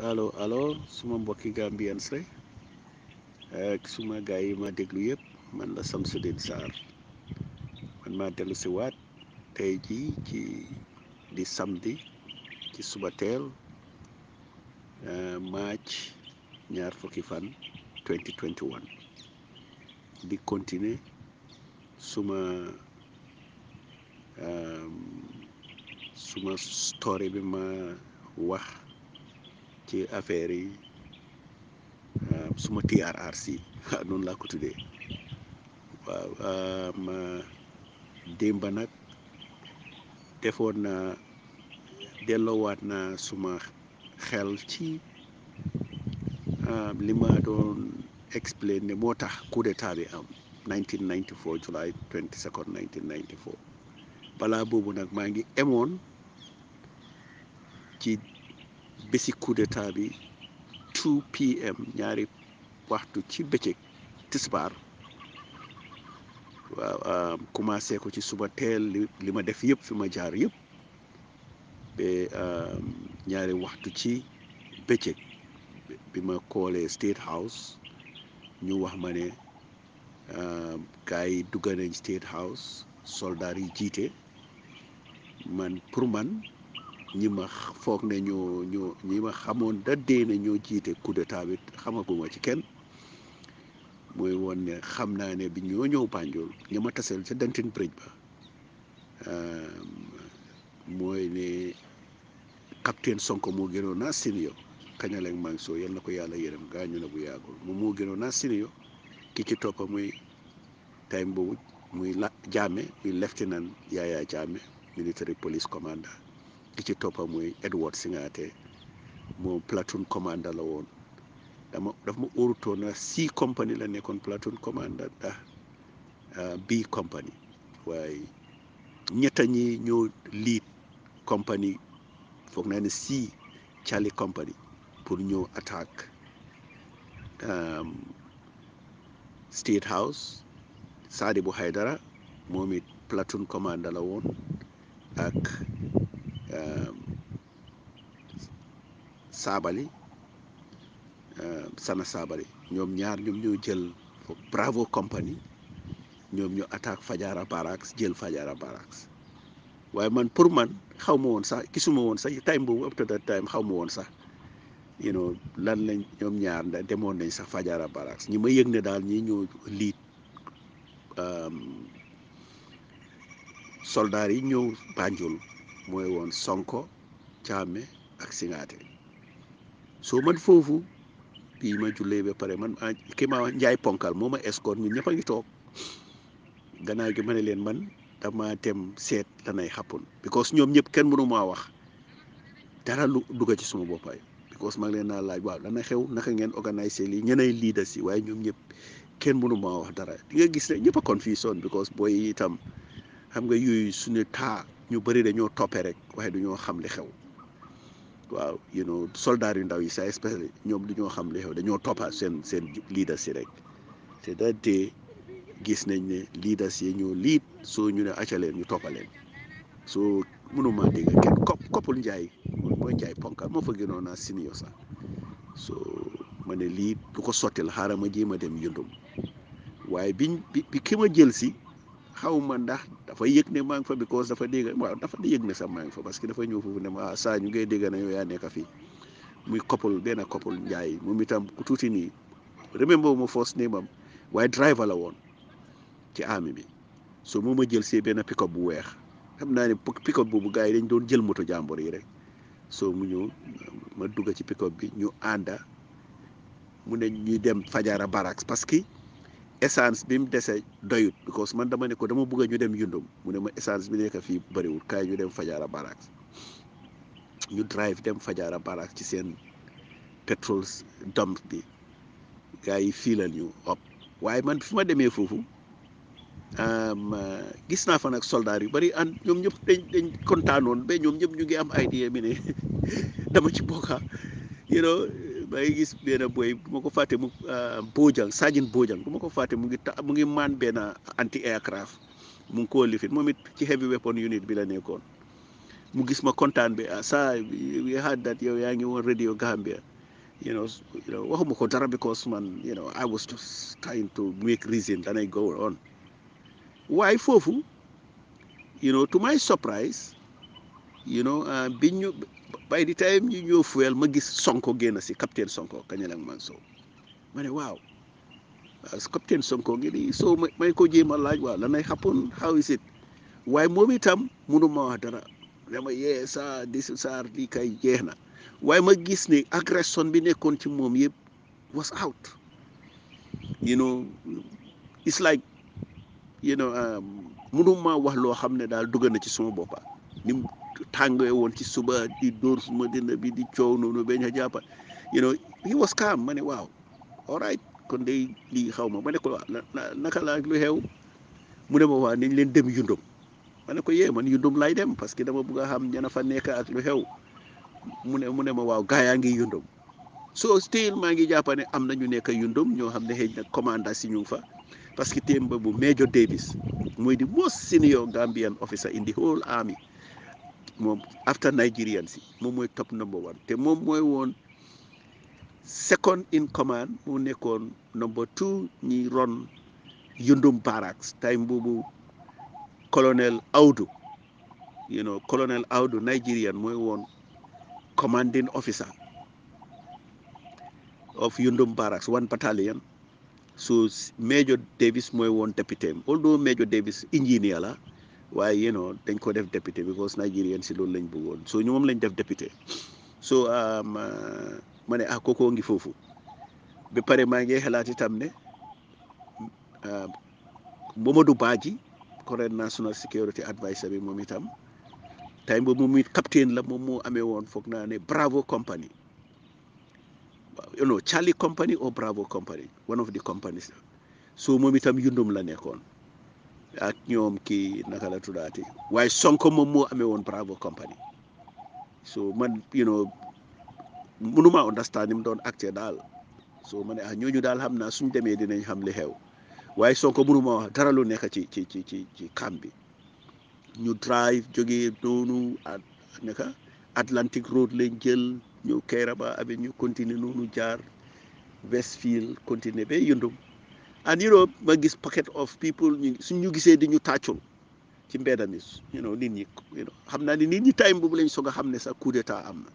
allo allo suma mbokki gambians la ak suma gaay yi ma déglu yépp man la samsudin sar man ma delu ci wat tay ji ci di samedi ci suba euh march ñaar fukki fan 2021 di continuer suma semua suma story bi ma wax ci affaire yi euh, suma TRRC noonu laa ko tuddee waaw euh, démba nag defoon na delloowaat na suma xel ci euh, li ma doon explain ne moo tax coup d'état bi am 1994 July 22nd 1994 balaa boobu nag maa ngi emoon ci bési coup d'état bi 2 pm ñaari waxtu ci bëccëg tisbaar waaw ko ci suba teel li ma def yëpp fi ma jaar yëpp ba ñaari waxtu ci bëccëg bi ma koolee State House ñu wax ma ne gars yi dugga nañ State House soldaar yi jiite man pour man ñi ma foog na ñoo ñoo ñi ma xamoon da dee ne ñoo jiite coup d'état bi xamaguma ci kenn mooy woon ne xam naa ne bi ñoo ñëw Banjul ñi ma taseel ca Denton Bridge ba euh, mooy ne capitaine Sonko moo gënoon naa senior kañaleeg maa ngi yal na ko yàlla yërëm gaañu na bu yàggul moom moo gënoon naa senior ki ci toppa muy time boobu muy la jaame muy lieutenant Yaya Jammeh military police commander ki ci toppa mooy Edward Singhateh moom platoon commander la woon dama daf ma óorutoon C company la nekkoon platoon commander ndax ah, ah, B company waaye ñetta ñi ñoo lead company foog na ne C Charlie company pour ñëw attaque um, State House Sadibou Haidara moom it platoon commander la woon Euh, saabali euh, sana saabali ñoom ñaar ñoom ñoo jël bravo company ñoom ñoo attaque Fajara Barracks jël Fajara Barracks waaye man pour man xaw ma woon sax gisuma woon sax time boobu up that time xaw ma woon sax you know lan lañ ñoom ñaar demoon nañ sax Fajara Barracks ñi ma yëg ne daal ñi ñoo liit um, soldaar yi ñëw Banjul mooy woon Sonko Caame ak Singaate soo man foofu bii ma jullee ba pare man ah, ki ma njaay ponkal moo ma escorte ñun ñëpp ngi toog gannaaw gi ma ne leen man dama tem seet lanay xappun because ñoom ñëpp kenn mënu maa wax dara lu ci suma boppaay because ma leen naa laaj waaw dana xew naka ngeen organiser lii ñeneen leader si waaye ñoom ñëpp kenn mënu maa wax dara di nga gis ne ñëpp a confusion because booy itam xam nga yooyu suñu taa ñu bari dañoo toppee rek waaye du ñoo xam li xew waaw you know soldaar yu ndaw yi sa especially ñoom du ñoo xam li xew dañoo toppa seen seen leaders yi rek c'est-à-dire gis nañ ne leaders yi ñoo liit soo ñu ne accaleen ñu toppaleen soo mënuma dégg kenn kopp koppul njaay mooy njaay ponkal moo fa gënoon naa senior sax so ma ne lii du ko sottil xaaral ma jéem a dem yëndum waaye biñ bi ki ma jël si xaw ma ndax dafa yëg ne maa ngi fa because dafa dégg waaw dafa yëg ne sax maa ngi fa parce que dafa ñëw foofu ne ma ah, saa ñu ngay dégg ne yow yaa nekk fii muy koppal benn koppal njaay moom itam ku tuuti nii remember ma first name am waaye driver la woon ci army bi so moom ma jël see benn pick bu weex xam naa ne pick-up boobu gaa yi dañ doon jël moto jàmbur yi rek so mu ñëw ma dugg ci pick bi ñu ànda mu ne ñuy dem Fajara Barracks parce que. essence bi mu desee doyut because man dama ne ko dama bëgg ñu dem yundum mu ne ma essence bi nekk fii bëriwul kaay ñu dem Fajara Barracks ñu drive dem Fajara Barracks ci seen petrol dump bi gars yi fiilal ñu op waaye man fi ma demee foofu gis naa fa nag soldaar yu bari an ñoom ñëpp dañ dañ kontaanoon ba ñoom ñëpp ñu ngi am idée mi ne dama ci bokka you maa ngi gis benn boy bu ma ko fàtte mu euh, Bojang Sajin Bojang bu ma ko fàtte mu ngi ta mu ngi maan benn anti aircraft mu ngi ko lifin moom it ci heavy weapon unit bi la nekkoon mu gis ma kontaan bi ah saa we had that yow yaa ngi woon radio Gambia you know waxuma ko dara because man you know I was just trying to make reason that I go on waaye foofu you know to my surprise you know ah, by the time ñu ñëw fuel ma gis Sonko génn si capitaine Sonko Kañal ak Mansour ma waaw capitaine Sonko ngi nii soo may ko jéem a laaj waaw lan lay happen how is it waaye moom itam mënu ma wax dara dama yee saa di saar di kay jeex na waaye ma gis ne agression bi nekkoon ci moom yëpp was out you know it's like you know mënu um, ma wax loo xam ne daal dugg na ci suma boppa tàngee woon ci suba di dóor suma dënn bi di coow noonu ba ñu jàppa you know he was calm ma ne waaw all right kon day lii xaw ma ma ne ko naka la ak lu xew mu ne ma waa nañ leen dem yundum ma ne ko yee man yundum lay dem parce que dama bëgg a xam ñana fa nekk ak lu xew mu ne mu ne ma waaw gaa yaa ngi yundum soo still maa ngi jàpp ne am na ñu nekk yundum ñoo xam ne xëy na commanda si ñu fa parce que téem ba bu Major Davis mooy di most senior Gambian officer in the moom after Nigerian si moom mooy top number one te moom mooy woon second in command mu nekkoon number two ñi ron Yundum Barracks time boobu colonel Audu you know colonel Audu Nigerian mooy woon commanding officer of Yundum Barracks one battalion so Major Davis mooy won deputy am although Major Davis engineer la. waaye you know dañ ko def député because Nigerian si loolu lañ bëggoon so ñu moom lañ def député so um, uh, ma ne ah kookoo ngi foofu ba pare maa ngi xalaat itam ne uh, Momadou Badji current national security adviser bi moom itam time boobu moom it la moom moo amee woon foog naa ne Bravo company you know Charlie company or Bravo company one of the companies so moom yundum la nekkoon. ak ñoom kii naka la tuddaati waaye Sonko moom moo amee woon Bravo Company so man you know mënuma understand mu doon acté daal so ma ne ah ñooñu daal xam naa suñ demee dinañ xam li xew waaye Sonko mënuma wax dara lu nekk ci ci ci ci ci camp bi ñu drive jógee noonu at naka Atlantic Road lañ jël ñëw Kairaba Avenue ñu continuer noonu jaar Westfield continuer ba Yundum and you know ma gis pocket of people ñu gisee di ñu tàccul ci mbedd mi you know nit ñi you know xam naa ni nit ñi time boobu lañu soog a xam ne sax coup d'état am na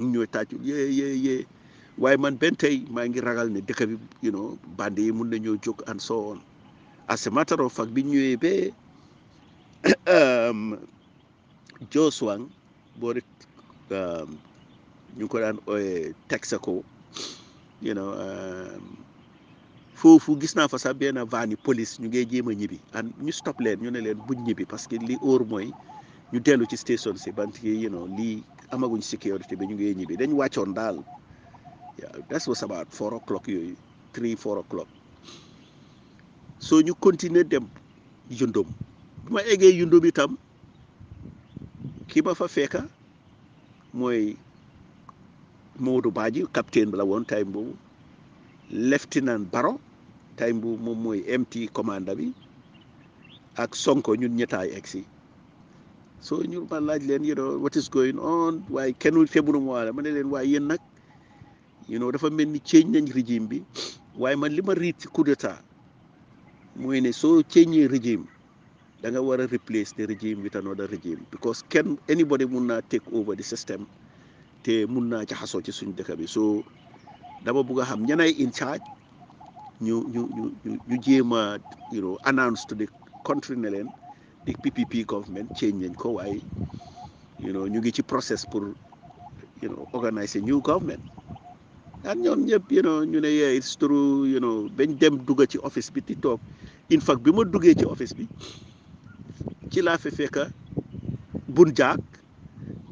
ñu ñooy yee yee yee waaye man benn tey maa ngi ragal ne dëkk bi you know bande yi mun nañoo jóg and so on as a matter of fact bi ñëwee ba um, Joswang boori um, ñu ko daan ooyee Texaco you know. Um, foofu gis naa fa sax benn van police ñu ngey jéem a ñibbi an ñu stop leen ñu ne leen buñ ñibbi parce que li óor mooy ñu dellu ci station si bant yi you know lii amaguñ sécurité bi ñu ngey ñibbi dañ wàccoon daal waaw das was about four o'clock yooyu three four o'clock soo ñu continue dem yundum bu ma eggee yundum itam ki ma fa fekka mooy Modou Badji capitaine bi la woon time boobu lieutenant Baro tay mbuub moom mooy MT commanda bi ak Sonko ñun ñettaay egg si soo ñu ma laaj leen you know what is going on waaye kenn febru mu waale ma ne leen waaye yéen nag you know dafa mel ni change nañ régime bi waaye man li riit ci coup d'état mooy ne soo change régime da danga war a replace the régime with another régime because kenn anybody mun naa take over the system te mun naa jaxasoo ci suñ dëkka bi so dama bugg a xam ñanay in charge ñu ñu ñu jéem a you know announce to the country ne leen di PPP government change nañ ko waay you ñu ngi ci process pour you know organise new government ak ñoom ñëpp you know ñu ne yee it's true you know bañ dem dugga ci office bi di toog in fact bi ma duggee ci office bi ci laa fe fekka Bun Jaak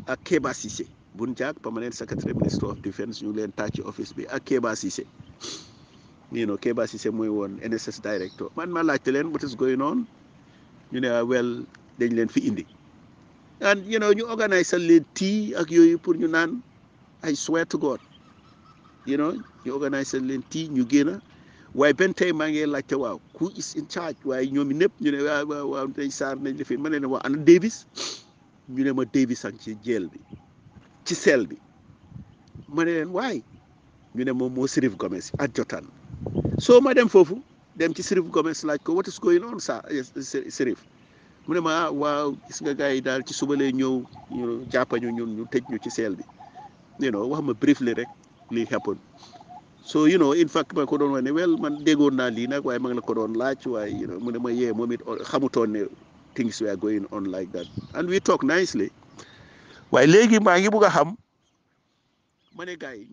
ak Keba Cissé Bun Jaak permanent secretary minister of defence ñu leen taa ci office bi ak Keba you know Keba Cissé mooy woon NSS director man ma laajte leen what is going on ñu ne well dañ leen fi indi and you know ñu organize sal leen tea ak yooyu pour ñu naan I swear to God you know ñu organise sal leen tea ñu génn waaye benn tey maa ngi laajte waaw who is in charge waaye ñoom ñëpp ñu ne waaw waaw waaw dañ saar nañ la fi ma ne ne waaw ana Davis ñu ne ma Davis ak ci jeel bi ci sel bi ma ne leen waay ñu ne moom moo Sirif Gomez ak Jotaan soo ma dem foofu dem ci Sirif Gomes laaj ko what is going on sa Sirif mu ne ma ah, waaw gis nga gars yi daal ci suba lay ñëw ñu jàppañu ñun ñu tëj ñu ci seel bi you know wax ma briefly rek lii happen so you know in fact ma ko doon wax wel man déggoon naa lii nag waaye ma ngi ko doon laaj waaye mu ne ma yee moom it xamutoon ne things were going on like that and we talk nicely waaye léegi maa ngi bugg a xam ma ne gars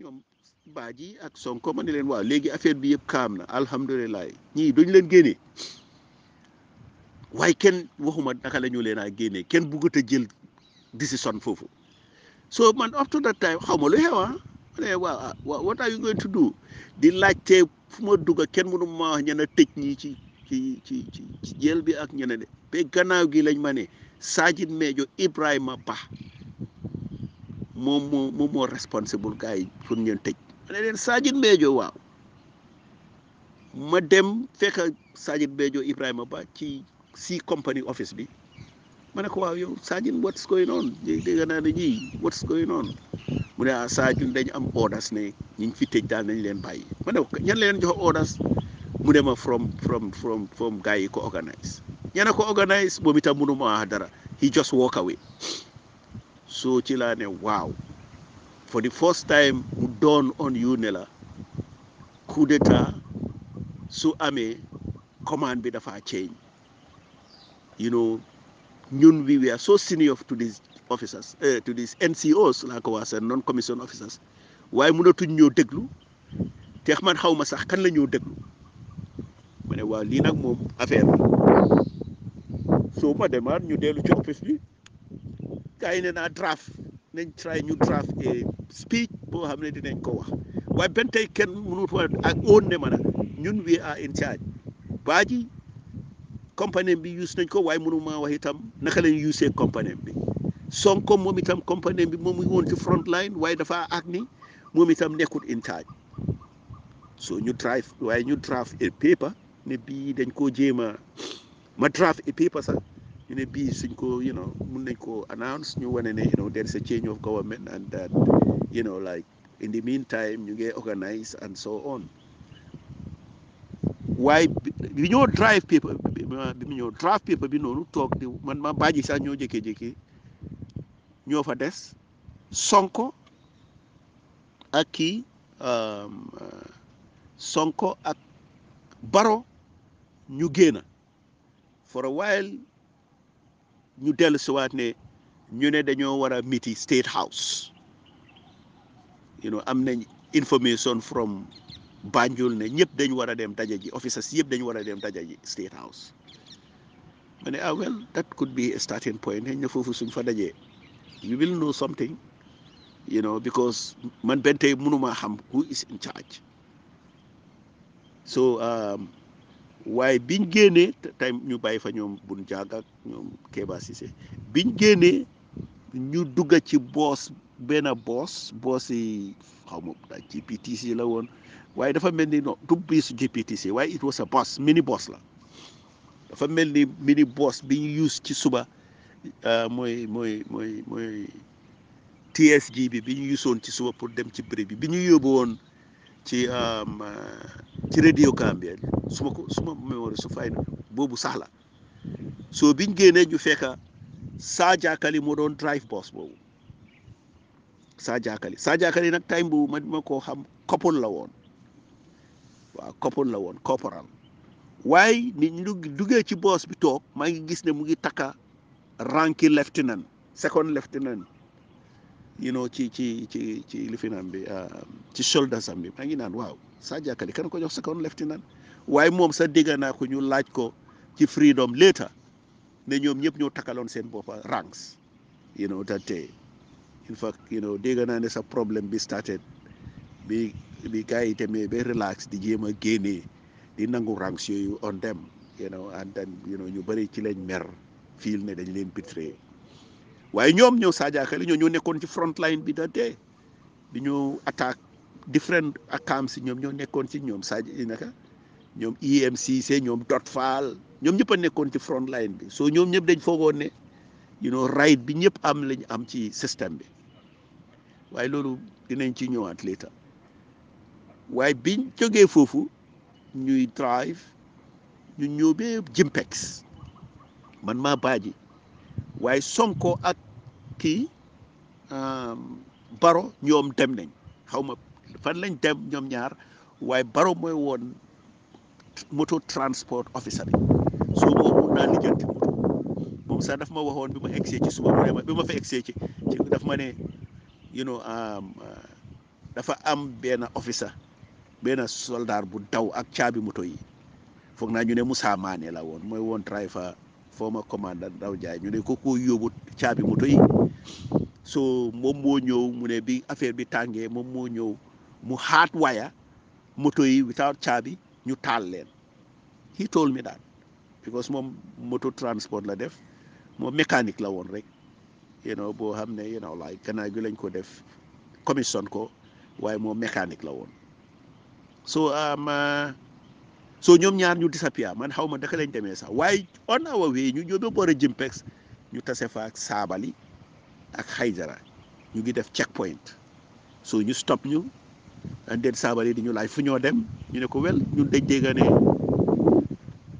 Badji ak Sonko ma ne leen waaw léegi affaire bi yëpp kaam na alhamdulilah ñii duñ leen génnee waaye kenn waxuma naka la ñu leen a génnee kenn buggut a jël décision foofu so man up to that time xaw ma lu xew ah. ma ne waaw ah, what are you going to do di laajte fu ma dugg kenn mënu ma wax ñenn tëj ñii ci ci ci ci jël bi ak ñeneen de ba gannaaw gi lañ ma ne Sajid Mejo Ibrahima pax moom moo moom moo responsable gars yi pour tëj. ma ne leen Sadji Mbejo waaw ma dem fekk Sadji Mbejo Ibrahima Ba ci si company office bi ma ne ko waaw yow Sadji what's going on dégg naa ne ñii going on mu ne a ah, Sadji dañ am orders ne ñu ngi fi tëj daal nañ leen bàyyi ma ne ñan leen jox orders mu dem ma from from from gars yi ko organise ña ne ko organise moom itam mënu ma dara he just walk away so ci laa ne waaw. for the first time mu doon on you ne la coup d'état su amee commande bi dafa change you know ñun we were so senior to these officers eh, to these NCOs laa ko non commission officers waaye mënatuñ ñoo déglu te man xaw ma sax kan la ñoo déglu ma ne waaw lii nag moom affaire bi soo ma demaat ñu dellu ci office bi gars yi draft. nañ try ñu draft a speech boo xam ne dinañ ko wax waaye benn tey kenn mënut wa ak oon ne ma ñun we are in charge baaji compagnie bi use nañ ko waaye mënu maa wax naka lañ use compagnie bi Sonko moom itam compagnie bi moom mu woon front line waaye dafa ak ni moom itam nekkul in charge so ñu waaye ñu draft a paper ne bii dañ koo jéem a ma draft a paper sax You know, be single. you know when they go announce new one, and you know there is a change of government and that you know like in the meantime you get organized and so on Why? You ñoo drive people. You ñoo draft paper bi noonu toog di man ma baaji sax ñoo jékki-jékki ñoo fa des sonko aki, kii um, uh, sonko ak baro ñu génn for a while ñu dellu siwaat ne ñu ne dañoo war a miti state house you know am nañ information from Banjul ne ñëpp dañ war a dem daja ji officers yëpp dañ war a dem daja ji state house ma ne ah well that could be starting point xëy na foofu suñ fa daje you will know something you know because man benn tey xam who is in charge so um, waaye biñ génnee tey ñu bàyyi fa ñoom bun jaag ak ñoom Kéba Cissé biñ génnee ñu dugga ci boos benn boos boos yi xaw ma GPTC la woon waaye dafa mel ni non du biis GPTC waaye it was mini boss la dafa mel ni mini boss bi ñu use ci suba euh, mooy mooy mooy mooy TSG bi bi ñu usoon ci suba pour dem ci béréb bi bi ñu yóbbu woon. ci um, uh, ci radio Gambia su ma ko su ma mémoire su fay boobu sax la soo biñ génnee ju fekka saa jaakali moo doon drive bus boobu saa jaakali saa jaakali nag time boobu man ma koo xam koppal la woon waaw koppal la woon corporal waaye nit ñu duggee ci boos bi toog maa ngi gis ne mu ngi takka ranki lieutenant second lieutenant you know ci ci ci ci lifinam bi um, ci soldat sam bi maa ngi naan waaw sa jàkkali kan ko jox second lieutenant waaye moom sa dégg naa ko ñu laaj ko ci freedom later ne ñoom ñëpp ñoo takkaloon seen boppa ranks you know that day in fact you know dégg naa ne sa problème bi started bi bi gars yi demee relax di jéem a génnee di nangu ranks yooyu on dem you know and ñu bëri ci lañ mer fiil ne dañ leen bitré waaye ñoom ñoo Sadio ñoo ñoo nekkoon ci front line bi da dee di ñu attaque different camps si ñoom ñoo nekkoon ci ñoom Sadio naka ñoom e IMCC ñoom Dot Fall ñoom ñëpp a nekkoon ci front line bi soo ñoom ñëpp dañ foogoon ne right bi ñëpp am lañ am ci système bi waaye loolu dinañ ci ñëwaat later waaye bi jógee foofu ñuy drive ñu ñëw ba Jimpex man maa baaji waaye Sonko ak kii um, Baro ñoom dem nañ xaw ma fan lañ dem ñoom ñaar waaye Baro mooy woon moto transport officer bi soo boobu naa lijjanti moto moom sax daf ma waxoon bi ma egsee ci suba vraiment bi ma fa egsee ci ci daf ma ne you know um, uh, dafa am benn officer benn soldat bu daw ak caabi moto yi foog naa ñu ne Moussa Mané la woon mooy woon driver former commandant Ndaw jaay ñu ne ko ko yóbbu caabi moto yi so moom moo ñëw mu ne bi affaire bi tàngee moom moo ñëw mu haat waya moto yi without caabi ñu taal leen he told me that because moom moto transport la def moom mécanique la woon rek you know boo xam ne you know like gannaaw gi lañ ko def commission ko waaye moo mécanique la woon so am um, uh, so ñoom ñaar ñu disappear man xaw ma daka lañ demee sax waaye on our way ñu ñoo boor a Jimpex ñu tase fa ak Saabali ak Haidara ñu ngi def checkpoint so ñu stop ñu and then Saabali di ñu laaj fu ñoo dem ñu ne ko wel ñu dañ dégg ne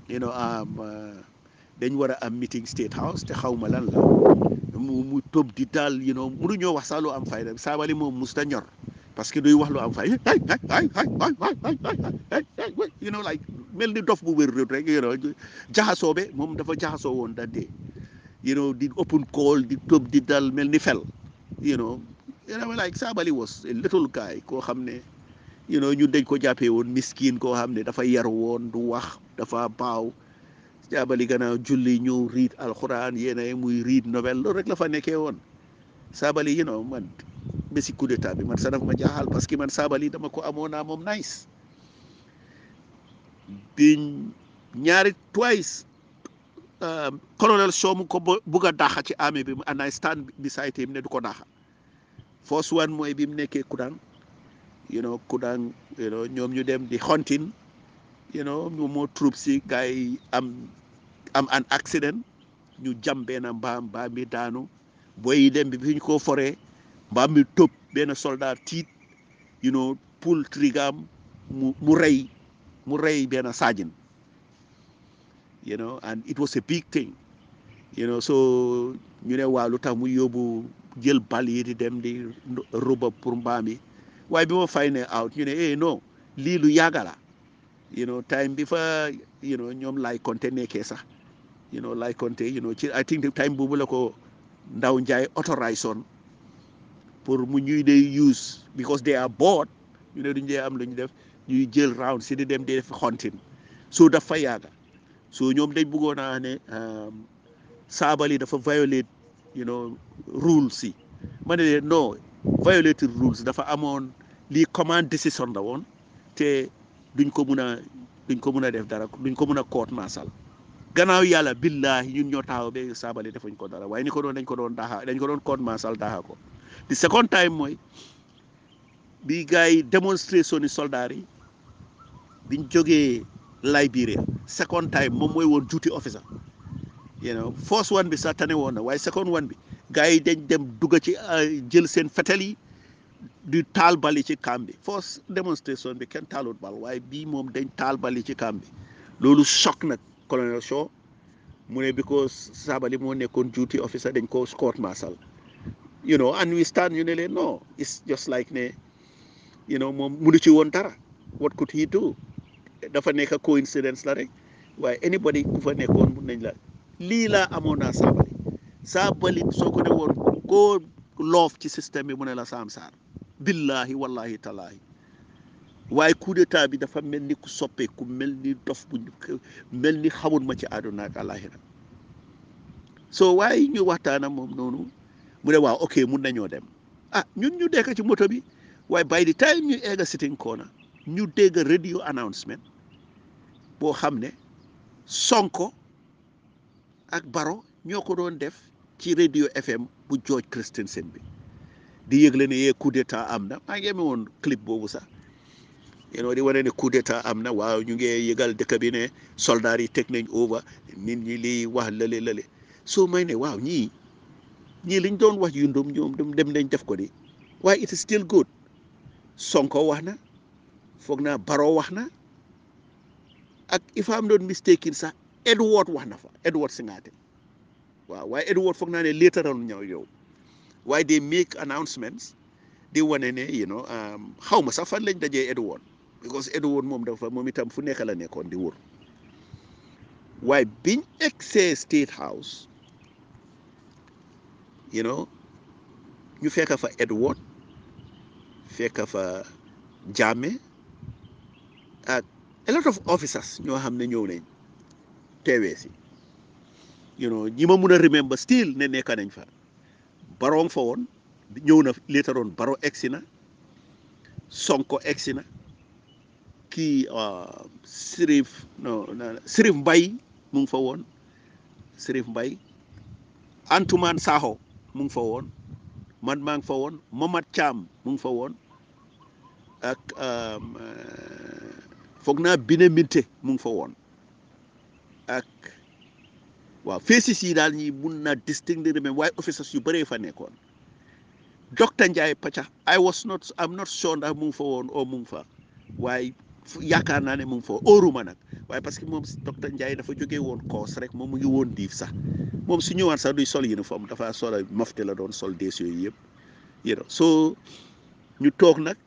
you know um, uh, dañ war a am meeting state house te xaw ma lan la mu mu tóob di daal you know mënuñoo wax sax am fayda Saabali moom musta ñor. parce que duy wax lu am fay ay you know like mel ni dof bu wér rek you know jaxasoo be moom dafa jaxasoo woon da dee you know di open call di tëb di dal mel ni fel you know like Sabally was a little guy koo xam ne you know ñu dañ ko jàppee woon miskin koo xam ne dafa yar woon du wax dafa baaw Sabally gannaaw julli ñëw riit alxuraan yéen muy riit novel loolu rek la fa nekkee woon Sabally you know man bési coup d'état bi man sa ma jaaxal parce que man saabali dama ko amoon naa moom nice bi ñaari twice euh, colonel Sow ko bugg daaxa ci armée bi and I stand beside him ne du ko daaxa force one mooy bi mu nekkee Kudang you know Kudang you ñoom ñu dem di hunting you know ñu moo troops yi gars am an accident ñu jam benn mbaam mbaam bi daanu booy dem bi fi ko foree mbaam mbaambil tóob benn soldat tiit you know pull trigam mu rey mu rey benn sergeant you know and it was a big thing you know so ñu ne waa lu mu yóbbu jël bal yi di dem di ruba pour mbaam yi waaye bi fay ne out ñu ne eh non lii lu yàgga la you know time bi fa you know ñoom Laye Conté nekkee sax you know Laye Conté you know ci I think time boobu la ko Ndaw Njaay autorise on pour mu ñu day use because they are bored ñu duñ dee am lu ñu def ñuy jël round si di dem di def xontin so dafa yàgga so ñoom dañ bëggoon naa ne um, saabali dafa violate you know rules yi ma ne leen non violate rules dafa amoon lii command decision la woon te duñ ko mun a ko mun a def dara duñ ko mun a koot maasal gannaaw yàlla billaahi ñun ñoo taxaw ba saabali defuñ ko dara waaye ni ko doon dañ ko doon daaxa dañ ko doon koot maasal ko the second time mooy bi gars yi démonstré soni soldats yi biñ jógee Liberia second time moom mooy woon duty officer you know first one bi sax tane woon na waaye second one bi gars yi dañ dem dugg ci jël seen fetel di taal bali ci kam bi first démonstration bi kenn taalut bal waaye bii moom dañ taal bali ci camp bi loolu choc nag colonel mu ne because Sabally moo nekkoon duty officer dañ ko court martial you know and we stand ñu ne leen no it's just like ne you know moom munu ci woon dara what could he do dafa nekk coincidence la rek waaye anybody ku fa nekkoon mun nañ la lii laa amoon naa saabali saabali soo ko ne woon koo loof ci système bi mu ne la saam saar billahi wallahi talaahi waaye coup d'état bi dafa mel ni ku soppeeku mel ni dof mel ni xamul ma ci àdduna ak àllaaxira soo waaye ñu waxtaana moom noonu mu ne waaw ok mun nañoo dem ah ñun ñu dekk ci moto bi waaye by the time ñu egg sitting corner ñu dégg radio announcement boo xam ne Sonko ak Baro ñoo ko doon def ci radio FM bu George Christensen bi di yëgle ne yee eh, coup d'état am na maa ngi amee woon clip boobu sax yéen di wane ne coup d'état am na waaw ñu ngi yëgal dëkk bi ne soldaar yi teg nañ over nit ñi lii wax lële lële soo may ne waaw ñii. ñii liñ doon wax yundum ñoom dem nañ def ko di waaye it is still good Sonko wax na foog naa Barrow wax na ak if am doon mistaken sax Edward wax na fa Edward Singate waaw waaye Edward foog naa ne leetaral ñëw yow waaye they make announcements di wane ne you know um, xaw ma sax fan lañ dajee Edward because Edward moom dafa moom itam fu nekk la nekkoon di wër waaye biñ egsee State House. you know ñu fekk fa Edward fekk fa Jammeh a lot of officers ñoo xam ne ñëw nañ teewee si you know ñi ma mun a remember still ne nekk nañ fa Barrow fa woon ñëw na later on Barrow egsi na Sonko egsi na kii uh, Sirif non Mbay mu ngi fa woon Sirif Mbay Antumaan Saho mu fa woon man maa ngi fa woon Mamat mat caam ngi fa woon ak um, eh, foog naa Biné Minte mu ngi fa woon ak waaw feesis yi daal ñi mun naa distinguer même waaye officers yu bëree fa nekkoon docteur Ndiaye Pacha I was not am not sure ndax mu fa woon oo mu fa waaye yaakaar naa ne mu ngi fa ooruma nag waaye parce que moom docteur Ndiaye dafa jógee woon koos rek moom mu ngi woon diif sax moom su ñëwaan sax duy sol uniforme dafa sol mofte la doon sol dees yooyu yëpp yéen soo ñu toog nag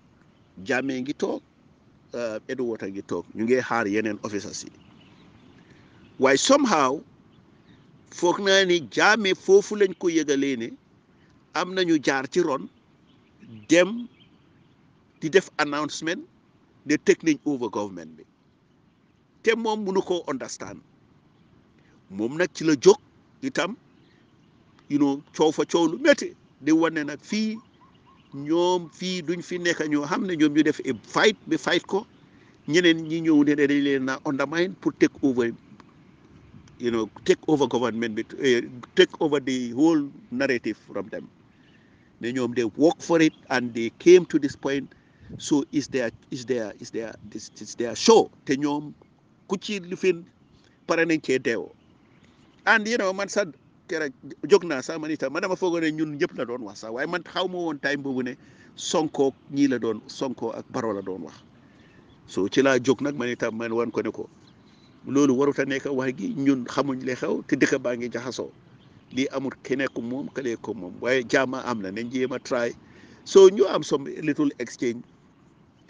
jàmmee ngi toog uh, Edouard a ngi toog ñu ngi xaar yeneen officers yi waaye somehow foog naa ni jaame foofu lañ ko yëgalee ne am nañu jaar ci ron dem di def announcement de teg nañ over government bi te moom mënu koo understand moom nag ci la jóg itam you know coow fa coow lu métti di wane nag fii ñoom fii duñ fi nekk ñoo xam ne ñoom ñu def fight bi fight ko ñeneen ñi ñëw ne dañ leen na undermine pour take over you know take over government bi eh, take over the whole narrative from them ne ñoom they work for it and they came to this point so is their show te ñoom ku ci lu fin pare nañ cee deewoo and you know man sa keroog jóg naa sax man itam man dama foogoon ne ñun ñëpp la doon wax sax waaye man xaw ma woon time boobu ne sonkoo ñii la doon sonkoo ak baro la doon wax so ci laa jóg nag man itam man wan ko ne ko loolu warut a nekk wax gi ñun xamuñ li xew te dëkk baa ngi jaxasoo lii amul ki nekk moom kalee ko moom waaye jaama am na nañ jéem a try so ñu am some little exchange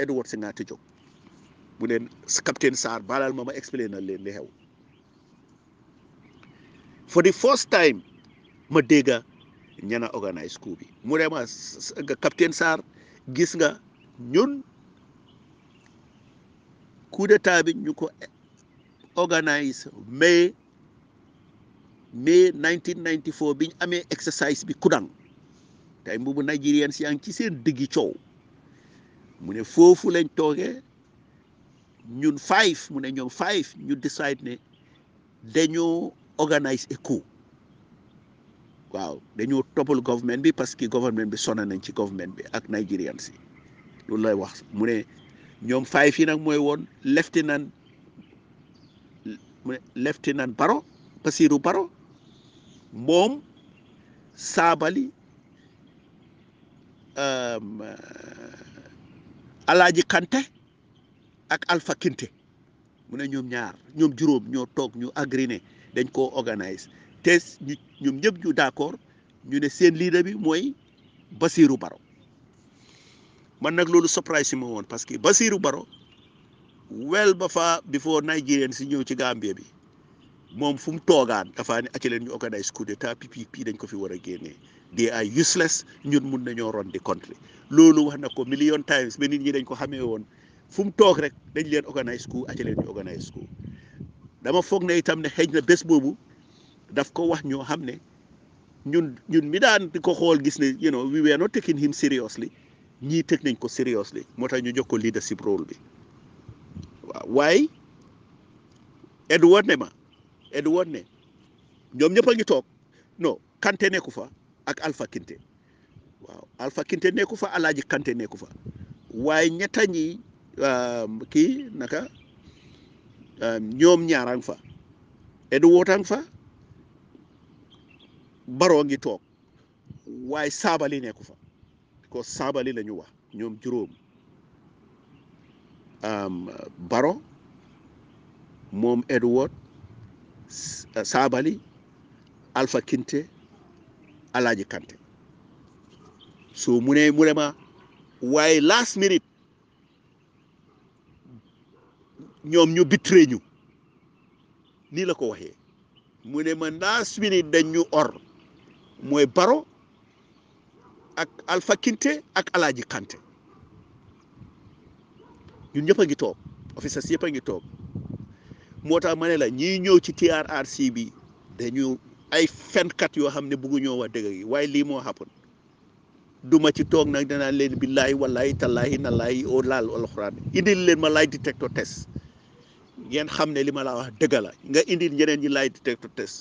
Edward si ngaa ti jóg mu leen capitaine Sarr baalal ma ma explain na leen li xew for the first time ma dégga ña na organise coup mu ne ma nga capitaine Sarr gis nga ñun coup d'état bi ñu ko organise mai mai biñ amee exercise bi Kudang tey mbubu Nigerian si yaa ngi ci seen diggi cow mu ne foofu lañ toogee ñun five mu ne ñoom five ñu decide ne dañoo. organize a coup waaw dañoo toppal government bi parce que government bi sona nañ ci government bi ak Nigerians si loolu lay wax mu ne ñoom five yi nag mooy woon lieutenant lieutenant Barrow Basiru Barrow moom Sabally um, Alaaji Kante ak Alpha Kinte mu ne ñoom ñaar ñoom juróom ñoo toog ñu agri ne dañ ko organise te ñu ñoom ñëpp ñu d'accord ñu ne seen leader bi mooy Basirou Baro man nag loolu surprise si ma woon parce que Basirou Baro wel ba fa before Nigerian si ñëw ci Gambie bi moom fu mu toogaan dafaa ne acca leen ñu organise coup d'état PPP dañ ko fi war a génnee they are useless ñun mun nañoo ron di country loolu wax na ko million times ba nit ñi dañ ko xamee woon fu mu toog rek dañ leen organise coup acca leen ñu organise coup dama foog ne itam ne xëj na bés boobu daf ko wax ñoo xam ne ñun ñun mi daan di ko xool gis ne you know we were not taking ñii teg nañ ko seriously moo tax ñu jox ko leadership role bi waaw waaye Edward ne ma Edward ne ñoom ñëpp a ngi toog Kante nekku fa ak Alpha Kinte waaw Alpha Kinte nekku fa Alaaji Kante nekku fa waaye ñetta ñi um, kii naka ñoom ñaarang fa Edouard ang fa Barrow ngi toog waaye saabali nekku fa ko saabali la ñu wax ñoom juróom um, baro moom Edouard saabali Alpha Kinte Alaaji Kante so mu ne ma waaye last minute ñoom ñu bitré ñu nii la ko waxee mu ne ma naas bi ni dañ ñu or mooy Baro ak Alpha ak Alaaji Kante ñun ñëpp a ngi toog officers yëpp a ngi toog moo tax ma ne la ñiy ñëw ci TRRC bi dañu ay fenkat yoo xam ne buggu ñoo wax dëgg waaye lii moo happen duma ci toog nag danaa leen billaahi wallaahi tallaahi nallaahi oo laal alxuraan indil leen ma laay detector test ngeen xam ne li ma la wax dëgg nga indi ñeneen ñi lay detector test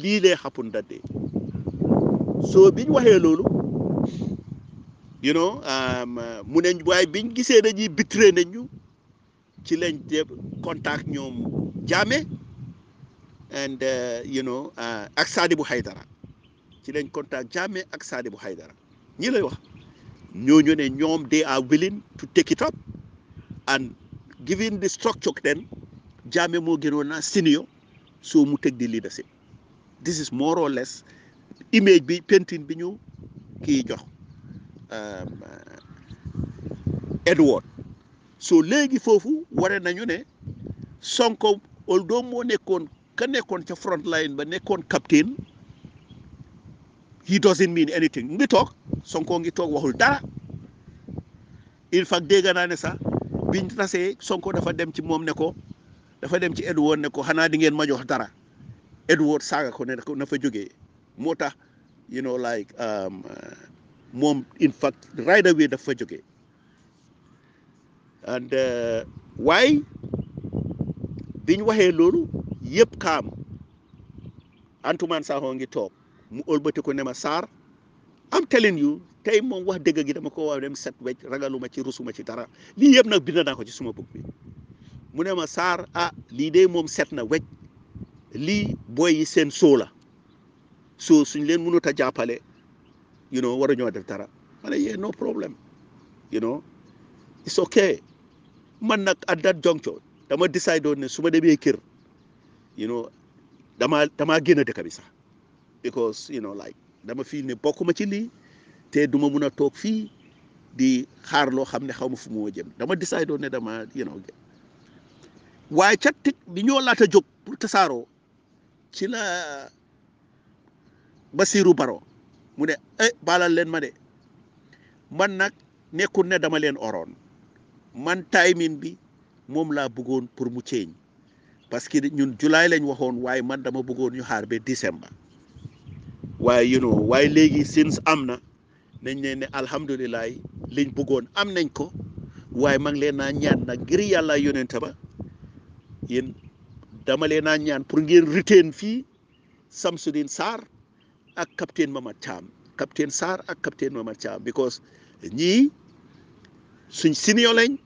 lii lay xapun dadde soo biñ waxee loolu you know um, mu ne waaye biñ gisee nañuy bitre nañu ci lañ def contact ñoom jaame and uh, you know uh, ak Sadibou Haydara ci lañ contact jaame ak Sadibou Haydara ñi lay wax ñooñu ne ñoom they are willing to take it up and given the structure then Jammeh moo gënoon a senior so mu teg di leadership this is more or less image bi pentin bi ñu kii jox um, Edward so léegi foofu ware nañu ne Sonko although moo nekkoon ka nekkoon ca front line ba nekkoon captain he doesn't mean anything mu ngi toog Sonko ngi toog waxul dara in fact dégg naa ne sax biñ tasee Sonko dafa dem ci moom ne ko. dafa dem ci Edward ne ko xanaa di ngeen ma jox dara Edward saaga ko ne na fa jógee moo tax you know like um, uh, moom in fact right away daf fa jógee and uh, waaye biñ waxee loolu yëpp kaam Antoumane Sakho ngi toog mu ëlbati ko ne ma Sarr am telling you tey moom wax dëgg gi dama ko wax dem set wecc ragaluma ci rusuma ci dara lii yëpp nag bind naa ko ci suma book bi mu ne ma Sarr ah lii de moom set na wecc lii booy yi seen soo la soo suñ leen mënut a jàppale you know waruñoo def dara ma ne yee no problème you know it's okay man nag at that juncture dama décide woon ne su ma demee kër you know damaa damaa a dëkk bi sax because you know like dama fi ne bokkuma ci lii te duma mun a toog fii di xaar loo xam ne xaw ma fu moo jëm dama décide woon ne dama you know waaye cat tit bi ñoo laata jóg pour tasaaroo ci la Basiru Baro mu ne eh baalal leen ma de man nag nekkul ne dama leen oroon man timing bi moom laa bëggoon pour mu ceeñ parce que ñun julaay lañ waxoon waaye man dama bëggoon ñu xaar ba décembre waaye you know waaye léegi since am na nañ leen ne alhamdulilah liñ bëggoon am nañ ko waaye ma leen naa ñaan nag ngir yàlla yonente ba yéen dama leen ñaan pour ngeen reteen fii Samsudeen Sarr ak capitaine Mamad Thiam capitaine Sarr ak capitaine ma Thiam because ñii suñ senior lañ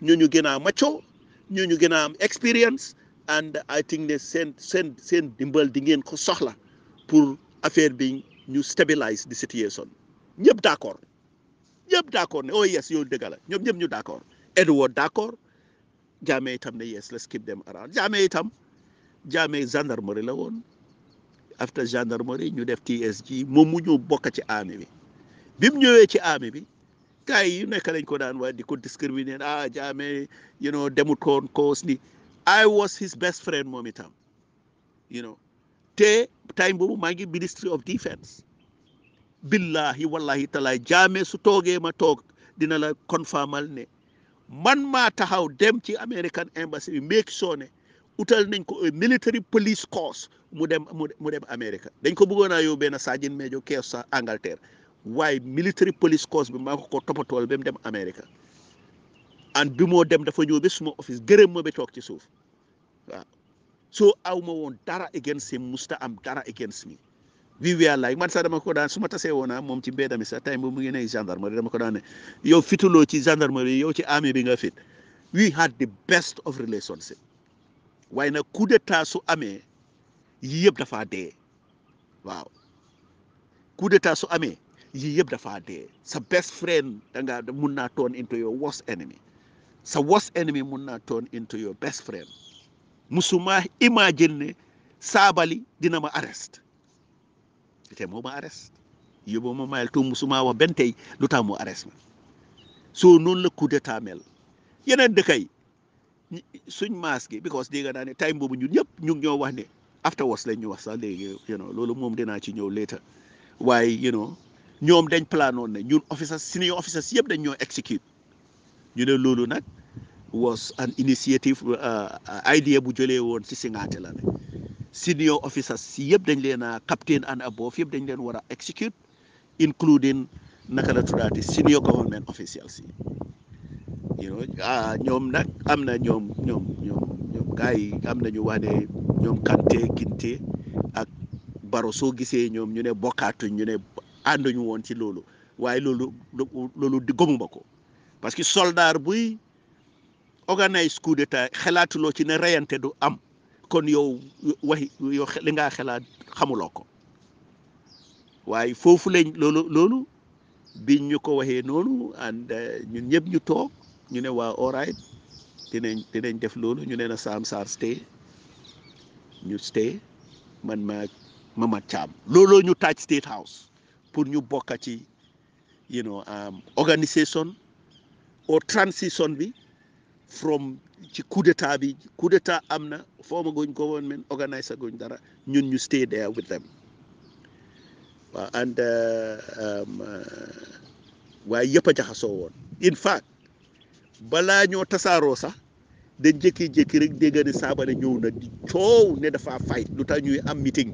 ñu ñu gën a macho ñu ñu gën a am expérience and I think ne seen seen seen dimbal di ngeen ko soxla pour affaire bi ñu stabilise the situation ñëpp d' accord ñëpp d' accord ne oh yes yow dëgg la ñëpp ñu d' Edward d' jaame itam ne yes let's keep them around jaame itam jaame gendarmerie la woon after gendarmerie ñu def TSG moom mu ñëw bokk ci armée bi bi mu ñëwee ci armée bi gars yi yu nekk lañ ko daan waaye di ko discriminer ah jaame you ko demut koon cause ni I was his best friend moom itam you te time boobu maa ngi ministry of defence billahi wallahi talaay jaame su toogee ma toog dina la confirmal ne man maa taxaw dem ci American embassy bi make sure ne utal nañ ko military police corps mu dem mu dem America dañ ko bëggoon a yóbbee na Sajin Mejo kees sa Angleterre waaye military police corps bi maa ko ko toppatool ba mu dem America an bi moo dem dafa ñëw be suma office gërëm ma ba toog ci suuf waaw soo aw ma woon dara against him am dara against me Viviane Laye man sax dama ko daan su ma tasee woon ah, moom ci mbedd mi sax tey mu ngi nekk gendarmerie dama ko daan ne yow fituloo ci gendarmerie yow ci armée bi nga fit we had the best of relationship waaye nag coup amee yii yëpp dafaa dee waaw coup d'état su amee yii yëpp dafaa dee sa best friend da nga mun naa turn into your worst enemy sa worst enemy mun naa turn into your best friend musuma imagine ne saabali dina ma arrest respecté moo ma arrest yóbbu ma mayal tuum su ma benn tey lu tax mu arrest ma soo noonu la coup d'état mel yeneen dëkk suñ maas gi because dégg naa ne time boobu ñun ñëpp ñu ngi ñoo wax ne afterwards lañ ñu wax sax loolu moom dinaa ci ñëw later waaye you ñoom dañ planoon ne ñun officers senior officers yëpp dañ ñoo execute ñu ne loolu nag was an initiative uh, uh, idea bu jëlee woon si singaate la ne senior officers si yëpp dañ leen a captain and above yëpp dañ leen war a execute including naka la tuddaati senior government officials yi you know ah ñoom nag am na ñoom ñoom ñoom ñoom am na ñu wane ñoom kante kinte ak baro soo gisee ñoom ñu ne bokaatuñ ñu ne ànduñu woon ci loolu waaye loolu loolu di gëmuma ko parce que soldat buy organise coup d'état xalaatuloo ci ne reyante du am. kon yow waxi yow li ngaa xalaat xamuloo ko waaye foofu lañ loolu loolu biñ ñu ko waxee noonu and uh, ñun ñëpp ñu toog ñu ne waa alright dinañ dinañ def loolu ñu ne na Sam Sarr stay ñu stay man ma Mamat Thiam looloo ñu taaj State House pour ñu bokka ci you know um, organisation au transition bi from ci coup d'état bi coup d'état am na formaguñ government organiser guñ dara ñun ñu stay there with them waaw and uh, um, uh, waaye yëpp a jaxasoo woon in fact balaa ñoo tasaaroo sax dañ jékki-jékki rek dégg ne saabale ñëw na di coow ne dafa fay lu tax ñuy am meeting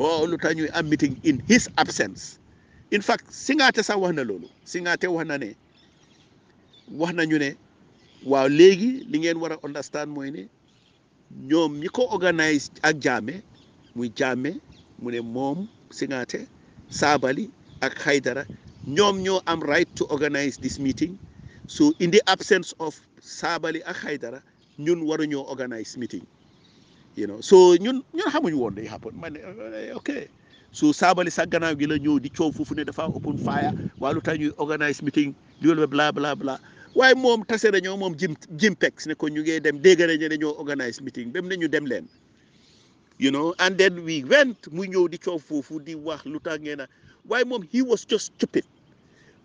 waaw lu ta ñuy am meeting in his absence in fact Singaate sax wax na loolu Singaate wax na ne wax nañu ne waaw léegi li ngeen war a understand mooy ne ñoom ñi ko organise ak jaame muy jaame mu ne moom Singate Sabally ak Haidara ñoom ñoo am right to organise this meeting so in the absence of Sabally ak Haidara ñun waruñoo organise meeting you know so ñun ñun xamuñ woon day happen man eh, ok so Sabally sax gannaaw gi la ñëw di coow foofu ne dafa open fire waa lu tax ñuy organise meeting loolu bla bla. waaye moom tase nañoo moom jim jim pex ne ko ñu ngey dem dégg nañu ne ñoo organise meeting dem nañu dem leen you know and then we went mu ñëw di coow foofu di wax lu tax ngeen waaye moom he was just stupid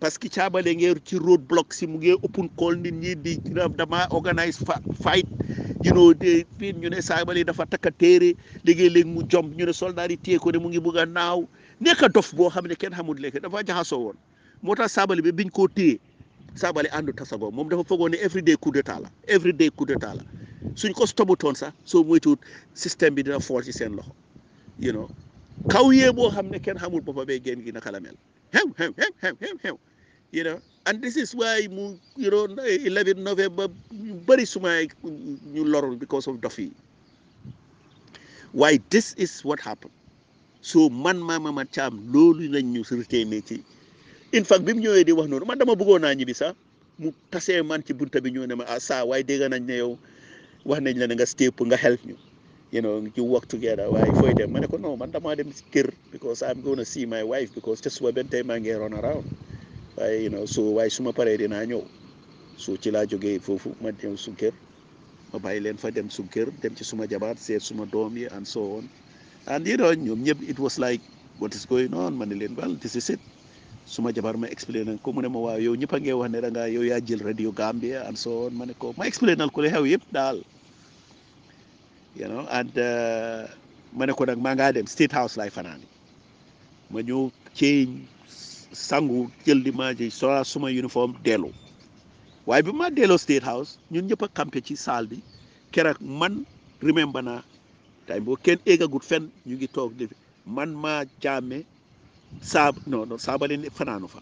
parce que caabale ngeen ci road block si mu ngi open call nit ñi di dama organise fight you know de fii ñu ne saabale dafa takka téere léegi-léeg mu jom ñu ne soldat yi ko ne mu ngi bëgg a naaw nekk dof boo xam ne kenn xamul léegi dafa jaxasoo woon moo tax saabale bi biñ koo téye Sabally àndut sagoo moom dafa foogoo ne every day coup d'état la every day coup d'état suñ ko stoputoon sax soo moytuwut système bi dina fool si seen loxo you know kaw boo xam ne kenn xamul boppa bee génn gi naka la mel xew xew xew you know and this is why mu you know 11 novembre ñu bëri sumay ñu lorul because of dof yi this is what happened so man maama ma caam loolu lañ ñu retene ci in fact bi mu ñëwee di wax noonu man dama bëggoon naa ñibbi sax mu tasee man ci bunta bi ñëw ne ma ah saa waaye dégg nañ ne yow wax nañ la ne nga step nga help ñu you know you work together waaye fooy dem ma ne ko non man damaa dem kër because I'm going to see my wife because ca suba benn tey maa ngi run around waaye you know so waaye su ma paree dinaa ñëw so ci laa jógee foofu ma ñëw su kër ma bàyyi leen fa dem su kër dem ci suma jabaar seet suma doom yi and so on and ñëpp it was like what is leen well suma jabar ma explain na ko mu ne ma waaw yow ñëpp a wax ne da ngaa yow yaa jël radio Gambia and so on ma ne ko ma explain nal ko li xew yëpp daal you know and uh, ma ne ko nag maa ngaa dem State House laay fanaan ma ñëw ceeñ sangu jël di maa ji sola suma uniforme dellu waaye bi ma delloo State House ñun ñëpp a campé ci saal bi keroog man remember naa time boo kenn éggagut fenn ñu ngi toog man ma jaame saa non non Saabalindi fanaanu fa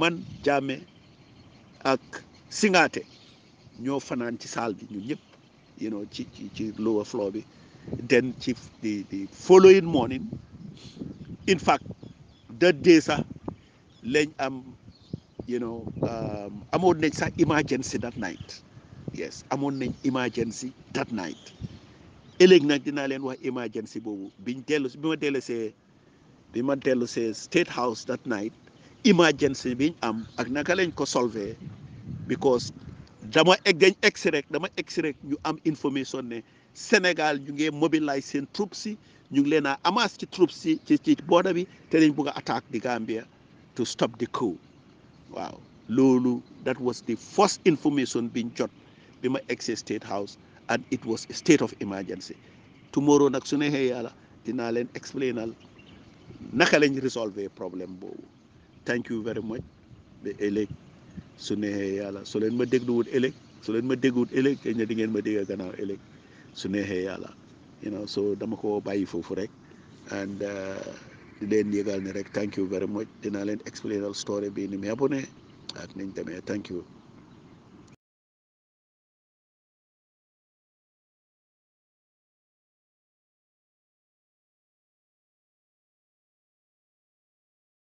man Jammeh ak Singaate ñoo fanaan ci saal bi ñun ñëpp you know ci ci ci lower floor bi den ci di di following morning in fact that day sax lañ am you know um, amoon nañ sax emergency that night yes amoon nañ emergency that night ëllëg nag dinaa leen wax emergency boobu biñ dellu bi ma dellusee bi ma dellu see state house that night emergency biñ am ak naka lañ ko solve because dama egg dañ egsi rek dama egsi rek ñu am information ne Sénégal ñu ngi mobiliser seen troupes yi ñu ngi leen a amaas ci troupes yi ci ci border bi te dañ bëgg a attaque di Gambia to stop the coup waaw loolu that was the first information biñ jot bi ma egsi state house and it was a state of emergency tomorrow nag su neexee yàlla dinaa leen explainal naka lañ résolver problème boobu thank you very much ba ëllëg su neexee yàlla su leen ma dégluwut ëllëg su leen ma dégluwut ëllëg te na di ngeen ma dégg gannaaw ëllëg su neexee yàlla you know so dama ko bàyyi foofu rek and uh, leen yëgal ne rek thank you very much dinaa leen explainal story bi ni mu yàbbu ne ak niñ demee thank you